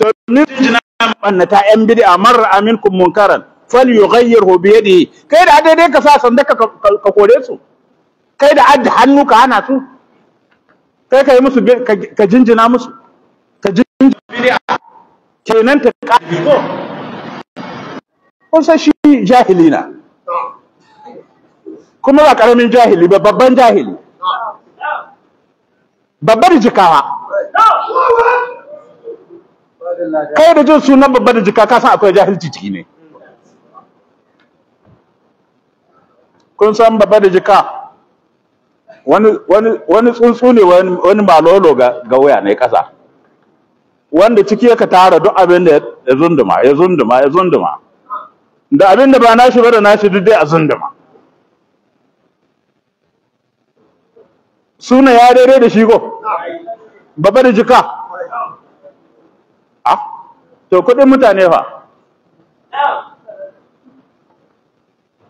domin tijina annata yan bid'a marra aminkum munkaran falyughayyirhu bi yadihi kai da dai ka sa sanda ka ka kore su kai da adda hannu ka hana su kai kai musu ka jinjina musu ka jinjina bid'a kenan ta kafi ko kun san shi jahili na kuma ba karamin jahili ba babban jahili babbar jikawa kai da jin sunan babba da jika ka akwai jahilci ciki ne kun san babba da jika wani tsuntsu ne wani malolo ga wuya ne kasa wanda ciki ya ka tara duk abin da ya zunduma ya zunduma ya zunduma da abin da ba nashi ba da nashi duk dai a zunduma suna ya daidai da shi ko babba da jika to kudin mutane fa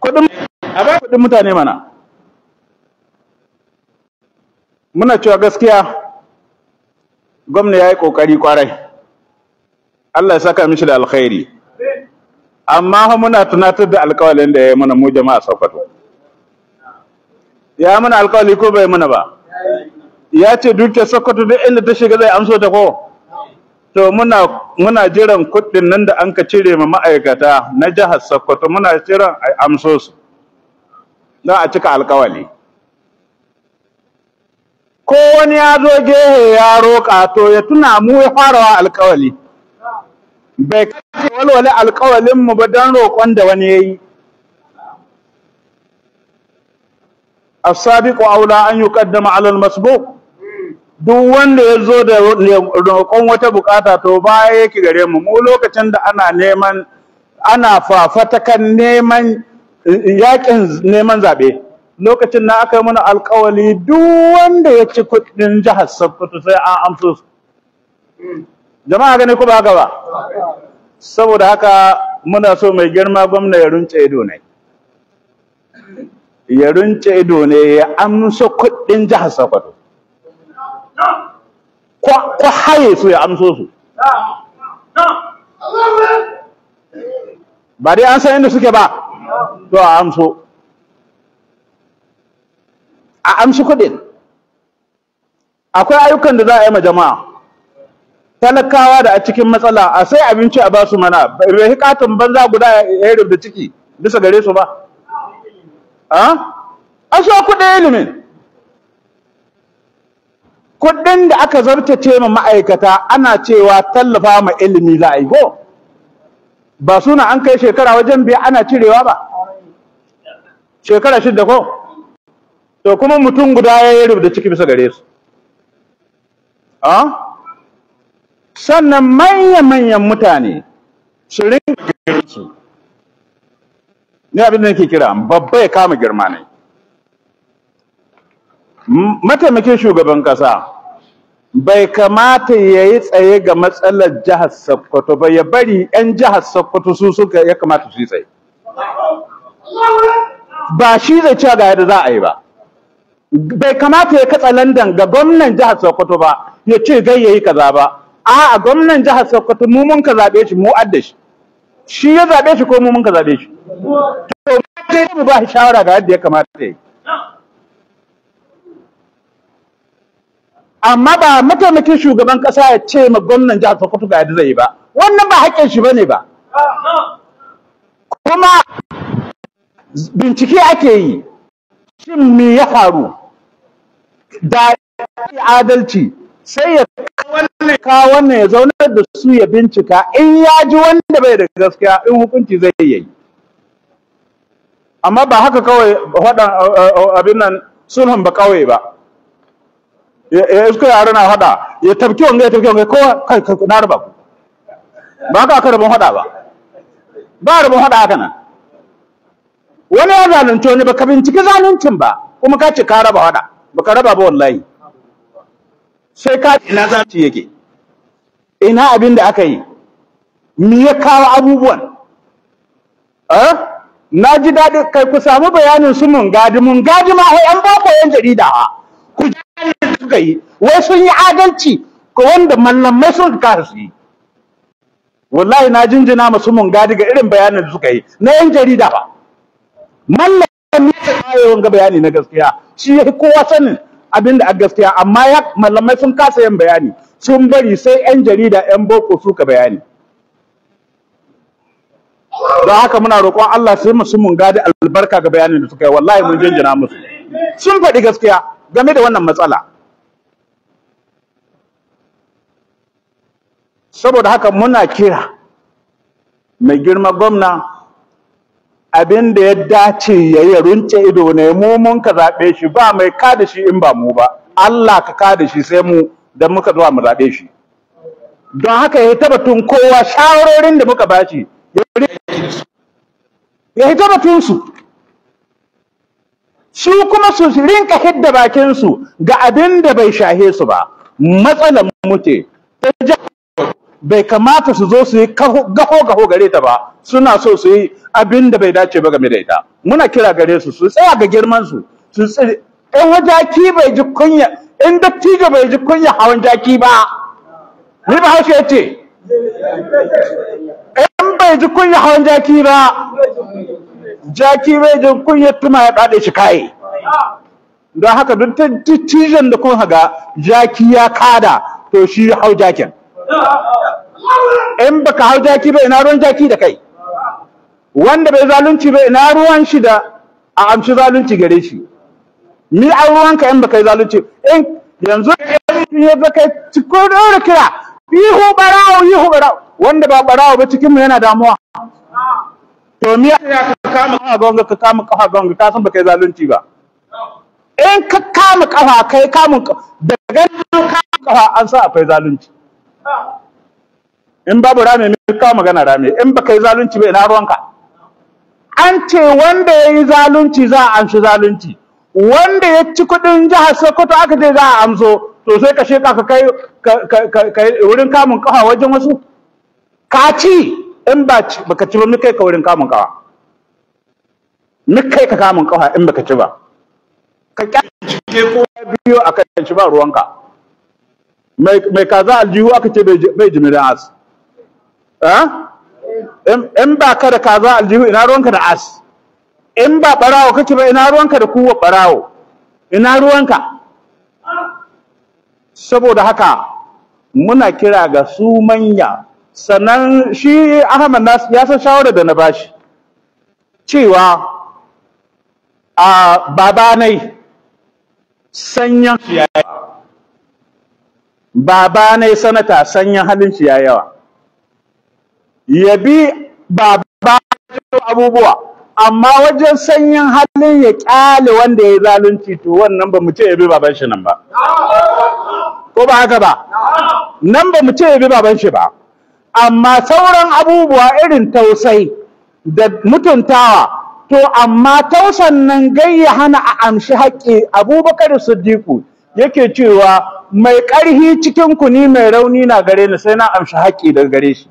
kudin a ba mutane mana muna cewa gaskiya gwamna ya yi ƙoƙari ƙwarai Allah ya saka mishi da alkhairi amma muna tunatar da alƙawalin da ya yi mana mu jama'a Sokoto ya mana alƙawali ko bai mana ba ya ce duk da Sokoto duk inda ta shiga zai amso ta ko to muna muna jiran kuɗin nan da an ka cire ma ma'aikata na jihar Sokoto muna jiran a amso su don a cika alkawali ko wani ya zo gehe ya roƙa to ya tuna mu ya farawa alkawali bai kace walwale alkawalin mu ba don roƙon da wani yayi as-sabiqu aula an yuqaddama 'ala al-masbuq duk wanda ya zo da roƙon wata bukata to baya yake gare mu mu lokacin da ana neman ana fafatakan neman yakin neman zaɓe lokacin na aka yi mana alƙawali duk wanda ya ci kuɗin jihar Sokoto sai an amso jama'a gani ku ba gaba. saboda haka muna so mai girma gwamna ya runce ido ne ya runce ido ne ya amsa kuɗin jihar Sokoto ko haye su ya amso su ba dai an san inda suke ba to a amso a amshi kuɗi, akwai ayyukan da za a yi ma jama'a talakawa da a cikin matsala a sai abinci a ba su mana bai katon banza guda ya da ciki bisa gare su ba a so kuɗin ilimin kudin da aka zartace ma ma'aikata ana cewa tallafa ma ilimi za a yi ko ba suna an kai shekara wajen biya ana cirewa ba shekara shidda ko to kuma mutum guda ya yi rubuta ciki bisa gare su sannan manya-manyan mutane su rinka girki ne abin da nake kira babba ya kama girma ne mataimakin shugaban kasa bai kamata ya yi tsaye ga matsalar jihar Sokoto ba ya bari 'yan jihar Sokoto su suka ya kamata su yi tsaye ba shi zai cewa ga yadda za a yi ba bai kamata ya katsa london ga gwamnan jihar Sokoto ba ya ce zai yayi kaza ba a'a gwamnan jihar Sokoto mu mun ka zabe shi mu adda shi shi ya zabe shi ko mu mun ka zabe shi to ba shi shawara ga yadda ya kamata ya yi amma ba mataimakin shugaban kasa ya ce ma gwamnan jihar Sokoto ga yadda zai ba wannan ba haƙƙin shi bane ba kuma bincike ake yi shin me ya faru da adalci sai ya wannan ka wannan ya zauna da su ya bincika in ya ji wanda bai da gaskiya in hukunci zai yi amma ba haka kawai waɗan eh, eh, abin nan sunan ba kawai ba ya isko yaran na hada ya tafki wanga ya tafki wanga ko kai na raba ku ba ka aka rabon hada ba ba rabon hada haka nan wani ya zalunci wani ka binciki zaluncin ba kuma ka ce ka raba hada ka raba ba wallahi sai ka ina zalunci yake ina abin da aka yi me ya kawo abubuwan eh na ji daɗi kai ku samu bayanin su mun gadi mun gadi ma ai an ba ko yan jarida ha ku suka yi wai sun yi adalci ko wanda mallamai sun kasa su yi wallahi na jinjina masu mun ga daga irin bayanin da suka yi na yan jarida ba mallamai ta yi wanga bayani na gaskiya shi ya kowa sanin abin da a gaskiya amma ya mallamai sun kasa yin bayani sun bari sai yan jarida yan boko suka bayani don haka muna roƙon Allah sai musu mun gadi albarka ga bayanin da suka yi wallahi mun jinjina musu sun faɗi gaskiya game da wannan matsala saboda haka muna kira mai girma gwamna abin da ya dace ya yi runce ido ne mu mun ka zaɓe shi ba mai kada shi in ba mu ba Allah ka kada shi sai mu don muka zuwa mu zaɓe shi don haka ya yi tabbatun kowa shawarorin da muka bashi ya yi tabbatun su su kuma su rinka hidda bakinsu ga abin da bai shahe su ba matsalan muke ta bai kamata su zo su yi gaho-gaho gare ta ba suna so su yi abin da bai dace ba game da ita muna kira gare su su tsaya ga girman su su in wajaki bai ji kunya in dattijo bai ji kunya hawan jaki ba ni ba hausa ya ce in bai ji kunya hawan jaki ba jaki bai ji kunya tuma ya kaɗe shi kayi. don haka duk dattijon da kun haga jaki ya kada to shi hau jakin in baka hau jaki ba ina ruwan jaki da kai wanda bai zalunci ba ina ruwan shi da a amshi zalunci gare shi ni a ka in baka yi zalunci in yanzu ya baka cikin ɗora kira ihu barawo ihu barawo wanda ba barawo ba cikinmu yana damuwa to miya ya kama kafa gonga ka kama kafa gonga ka san baka yi zalunci ba in ka kama kafa kai kamun daga ganin kama kafa an sa akwai zalunci in babu rame mai kawo magana rame in ba ka yi zalunci ba ina ruwanka an ce wanda ya yi zalunci za a amshi zalunci wanda ya ci kuɗin jihar sokoto aka ce za a amso to sai ka sheka ka kai wurin kamun kawa wajen wasu ka ci in ba ka ci ba mu ka wurin kamun kawa mu ka kamun kawa in ba ka ci ba ka kyale cike ko biyo kan ci ba ruwanka mai kaza aljihu aka ce bai jimi da as eh? in ba ka da kaza aljihu ina ruwanka da as in ba barawo kake ba ina ruwanka da kuwa barawo ina ruwanka saboda haka muna kira ga su manya sannan shi ahmad nasu ya san shawarar da na bashi cewa a babanai sanyan shi baba ne sanata sanyin halin shi ya yawa ya bi baba abubuwa amma wajen sanyin halin ya kyale wanda ya yi zalunci to wannan ba mu ce ya bi baban shi nan ba ko ba haka ba nan ba mu ce ya bi baban shi ba amma sauran abubuwa irin tausai da mutuntawa to amma tausan nan gayya hana a amshi haƙƙi abubakar siddiqu yake cewa mai ƙarhi cikin ku ni mai rauni na gare ni sai na amsa haƙƙi daga gare shi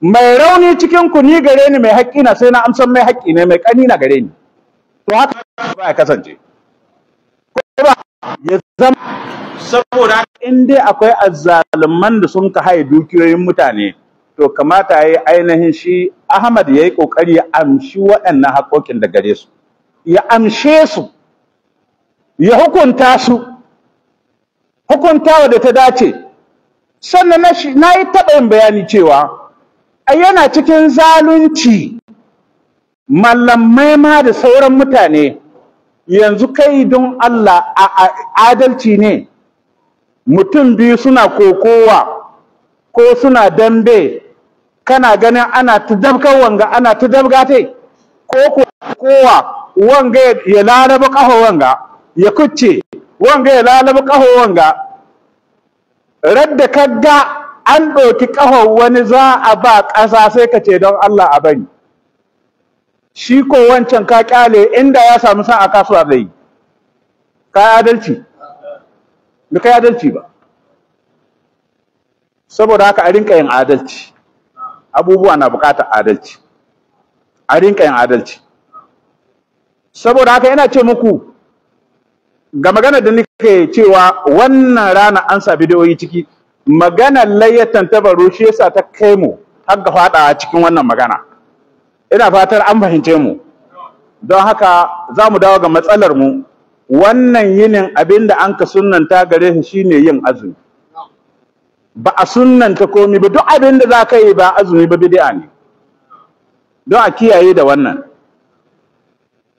mai rauni cikin ku ni gare ni mai haƙƙi na sai na amsa mai haƙƙi ne mai ƙarhi na gare ni to haka ba ya kasance Ko ba ya zama saboda in dai akwai azzaluman da sun ka haye dukiyoyin mutane to kamata yayi ainihin shi Ahmad yayi kokari ya amshi waɗannan haƙoƙin da gare su ya amshe su ya hukunta su hukuntawa da ta dace sannan na yi taɓa yin bayani cewa ai yana cikin zalunci mallamai ma da sauran mutane yanzu kai don Allah a adalci ne mutum biyu suna kokowa ko suna dambe kana ganin ana ta wanga ana ta dabga ko kowa wanga ya laraba ƙafa wanga ya kucce wanga ya lalaba ƙaho wanga radda kagga an ɗauki ƙahon wani za a ba ƙasa sai ka ce don Allah a bani. shi ko wancan ka ƙyale inda ya samu san a kasuwa zai yi ka adalci ba ka adalci ba saboda haka a rinka yin adalci abubuwa na buƙatar adalci a rinka yin adalci saboda haka yana ce muku ga magana da nake cewa wannan rana an sa bidiyoyi ciki maganar layyatan baro shi yasa ta kai mu har ga fada cikin wannan magana ina fatar an fahimce mu don haka za mu dawo ga matsalar mu wannan yinin abinda an ka sunnanta gare shi shine yin azumi ba a sunnanta komi ba duk abin da za ka yi ba azumi ba bidi'a ne don a kiyaye da wannan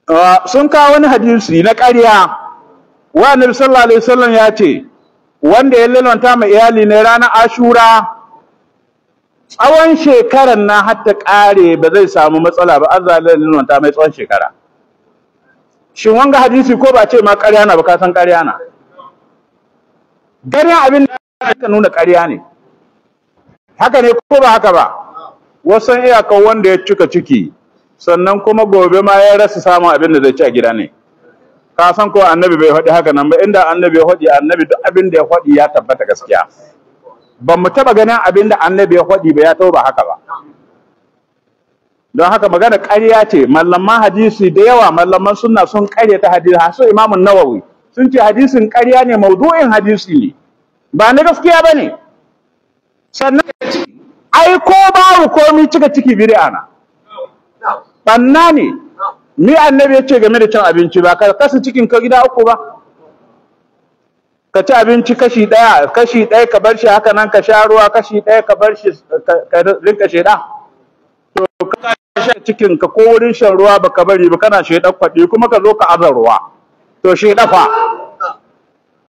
uh, sun kawo wani hadisi na ƙarya wa annabi sallallahu alaihi wasallam ya ce wanda ya lalanta ma iyali ne ranar ashura tsawon shekarar na har ta kare ba zai samu matsala ba an zalala lalanta mai tsawon shekara shin wanga hadisi ko ba ce ma ƙarya na ba ka san ƙarya na ganin abin da ka nuna ƙarya ne haka ne ko ba haka ba wasan iyakan wanda ya cika ciki sannan kuma gobe ma ya rasa samun abin da zai ci a gida ne ka san ko annabi bai faɗi haka nan ba inda annabi ya faɗi annabi duk abin da ya faɗi ya tabbata gaskiya ba mu taɓa ganin abin da annabi ya faɗi ba ya tauba haka ba don haka magana ƙarya ce mallaman hadisi da yawa mallaman sunna sun ƙarya ta hadisi hasu imamun nawawi sun ce hadisin ƙarya ne maudu'in hadisi ne ba na gaskiya ba ne sannan ai ko babu komi cika ciki bid'a na banna ne ni annabi ya ce game da cin abinci ba ka kasa cikin ka gida uku ba ka ci abinci kashi ɗaya kashi ɗaya ka bar shi haka nan ka sha ruwa kashi ɗaya ka bar shi ka rinka sheda to ka sha cikin ka ko wurin shan ruwa baka bari ba kana sheda kwaɗi kuma ka zo ka aza ruwa to sheda fa